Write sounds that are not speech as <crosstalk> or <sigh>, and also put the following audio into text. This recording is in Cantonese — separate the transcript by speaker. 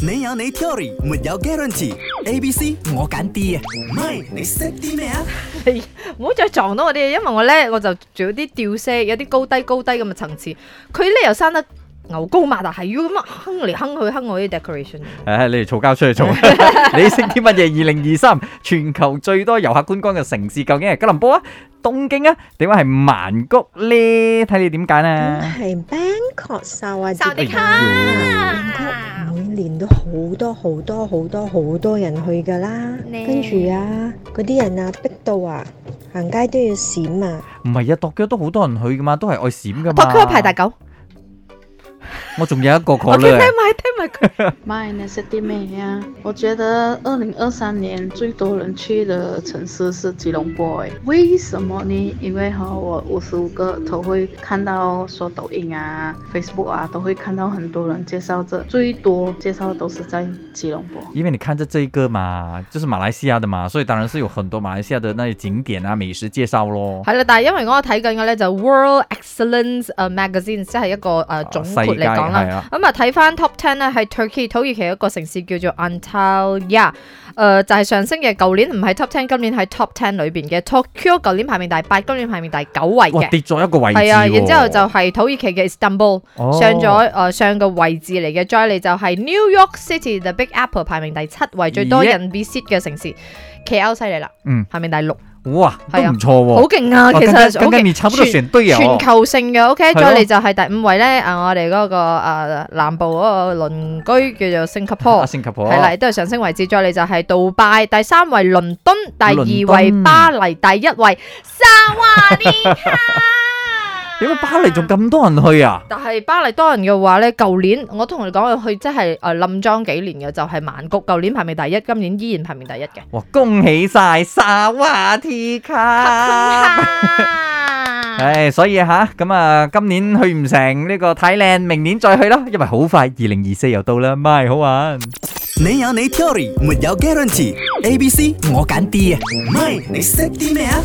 Speaker 1: 你有你 theory，沒有 guarantee。A B C 我揀 D 啊，MY
Speaker 2: 你識啲咩啊？你唔好再撞到我啲嘢，因為我咧我就仲有啲吊色，有啲高低高低咁嘅層次。佢咧又生得牛高馬大，係要咁樣哼嚟哼去，哼我啲 decoration。
Speaker 1: 誒，你哋嘈交出去嘈。你識啲乜嘢？二零二三全球最多遊客觀光嘅城市究竟係吉隆坡啊、東京啊，點解係曼谷咧？
Speaker 2: 睇你點揀咧？係 Bangkok，Sir，Sir，Sir。每年都好多好多好多好多人去噶啦，你跟住啊，嗰啲人啊逼到啊，行街都要閃啊！
Speaker 1: 唔係啊，度腳都好多人去噶嘛，都係愛閃噶嘛。度腳排第九。我仲有一個考慮
Speaker 2: 啊！賣那些地咩啊？我覺得二零二三年最多人去的城市是吉隆坡，為什麼呢？因為哈，我無時無刻都會看到，說抖音啊、Facebook 啊，都會看到很多人介紹，最多介紹的都是在吉隆坡。
Speaker 1: 因為你看着這一個嘛，就是馬來西亞的嘛，所以當然是有很多馬來西亞的那些景點啊、美食介紹咯。係
Speaker 2: 啦，但因為我睇緊嘅咧就 World Excellence Magazine，即係一個誒總括嚟講。咁啊，睇翻 Top Ten 咧，喺 Turkey 土耳其一個城市叫做 Antalya，誒就係上升嘅，舊年唔係 Top Ten，今年係 Top Ten 裏邊嘅 Tokyo，舊年排名第八，今年排名第九位嘅，跌
Speaker 1: 咗一個位置。係啊，然之後就
Speaker 2: 係土耳其嘅 Istanbul，上咗誒上個位置嚟嘅。再嚟就係 New York City，The Big Apple，排名第七位，最多人 visit 嘅城市，KL 犀利啦，嗯，排名第六。
Speaker 1: 哇，都唔錯喎、啊，好勁啊，啊！其實，今年差不多成堆有全球
Speaker 2: 性嘅、哦。OK，、啊、再嚟就係第五位咧、那個，啊，我哋嗰個啊南部嗰個鄰居叫做新加坡，係啦、啊啊，都係上升位置。再嚟就係杜拜，第三位倫敦，第二位敦巴黎，第一位薩瓦利亞。 <laughs> 點解
Speaker 1: 巴黎仲咁多人去啊？
Speaker 2: 但係巴黎多人嘅話咧，舊年我同你講去，即係誒冧莊幾年嘅就係曼谷，舊年排名第一，今年依然排名第一嘅。
Speaker 1: 哇，恭喜晒沙瓦提卡！吓，係所以吓咁啊，今年去唔成呢個泰國，明年再去咯，因為好快二零二四又到啦，咪好玩。你有你 theory，沒有 guarantee，A B C 我揀 D 啊，咪你識啲咩啊？